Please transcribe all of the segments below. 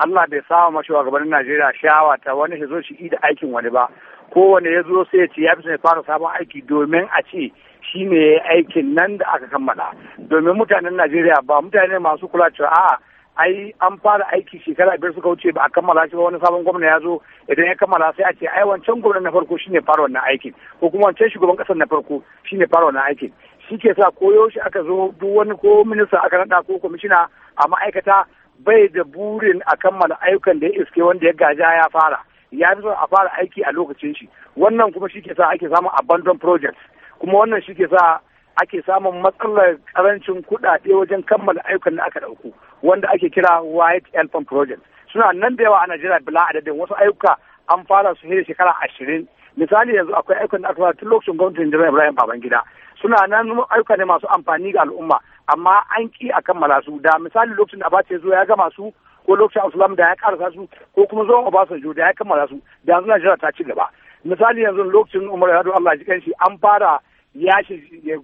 Allah bai sawa ma shugabannin Najeriya shawa ta wani shi zo shi da aikin wani ba kowane ya zo sai ya ce ya fi ya fara sabon aiki domin a ce shi ne aikin nan da aka kammala domin mutanen Najeriya ba mutane masu kula cewa a'a ai an fara aiki shekara biyar suka wuce ba a kammala shi ba wani sabon gwamna ya zo idan ya kammala sai a ce ai wancan gwamnan na farko shine fara wannan aikin ko kuma wancan shugaban kasar na farko shine fara wannan aikin shi ke sa koyo shi aka zo duk wani ko minista aka nada ko kwamishina a ma'aikata bai da burin a kammala ayyukan da ya iske wanda ya gaja ya fara ya fi a fara aiki a lokacin shi wannan kuma shi ke sa ake samun abandon projects kuma wannan shi ke sa ake samun matsalar karancin kuɗaɗe wajen kammala ayyukan da aka ɗauku wanda ake kira white elephant project suna nan da yawa a najeriya bila adadin wasu ayyuka an fara su da shekara ashirin misali yanzu akwai ayyukan da aka fara tun lokacin gwamnatin jiran ibrahim babangida suna nan ayyuka ne masu amfani ga al'umma amma an ki a kammala su da misali lokacin da ya zo ya gama su ko lokacin Abdulsalam da ya karasa su ko kuma zuwan Obasanjo da ya kammala su da yanzu Najeriya ta ci gaba misali yanzu lokacin Umar Yadu Allah ji kanshi an fara yashi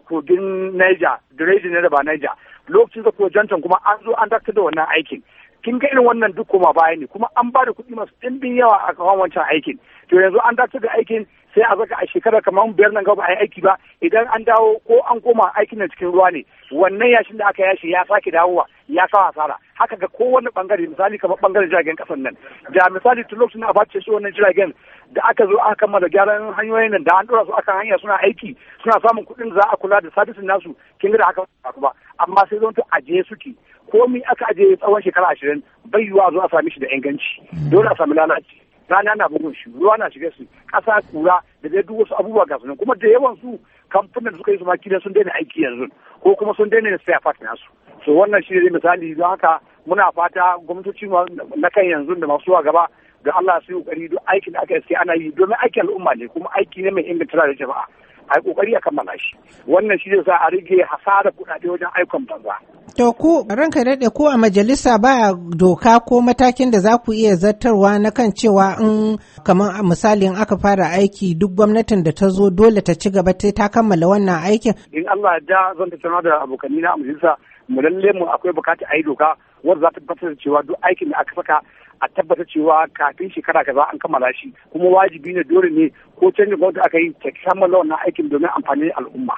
kogin Niger Direji ne da ba Niger lokacin da ko jantan kuma an zo an dakta da wannan aikin kin ga irin wannan duk koma baya ne kuma an bada kuɗi masu ɗimbin yawa a kawan wancan aikin to yanzu an dakta da aikin sai a zaka a shekara kamar biyar nan gaba a yi aiki ba idan an dawo ko an koma aikin nan cikin ruwa ne wannan yashin da aka yashi ya sake dawowa ya kawo asara haka ga kowane bangare misali kamar bangaren jiragen kasan nan da misali tun lokacin da face su wannan jiragen da aka zo aka kammala gyaran hanyoyin nan da an dora su akan hanya suna aiki suna samun kuɗin za a kula da sadisin nasu kin ga da haka ba amma sai a ajiye suke komi aka ajiye tsawon shekara ashirin bai yiwuwa zo a sami shi da inganci dole a sami lalaci rana na bugun shi ruwa na shiga su ƙasa kura da dai duk wasu abubuwa ga sunan kuma da yawan su kamfanin da suka yi su ma sun daina aiki yanzu ko kuma sun daina spare part nasu so wannan shi ne misali don haka muna fata gwamnatoci na kan yanzu da masu gaba ga Allah su yi kokari duk aikin da aka iske ana yi domin aikin al'umma ne kuma aiki ne mai inganta da jama'a a yi kokari a kammala shi wannan shi ne sa a rage hasara kuɗaɗe wajen ayyukan banza To ku ranka daɗe ko a majalisa ba doka ko matakin da za ku iya zartarwa na kan cewa in kamar misalin aka fara aiki duk gwamnatin da ta zo dole ta ci gaba ta ta kammala wannan aikin. In Allah ya zan tattauna da abokanni na majalisa mu lalle mu akwai bukatar a yi doka wadda za ta tabbatar da cewa duk aikin da aka saka a tabbatar cewa kafin shekara kaza an kammala shi kuma wajibi ne dole ne ko canjin gwamnati aka yi ta kammala wannan aikin domin amfanin al'umma.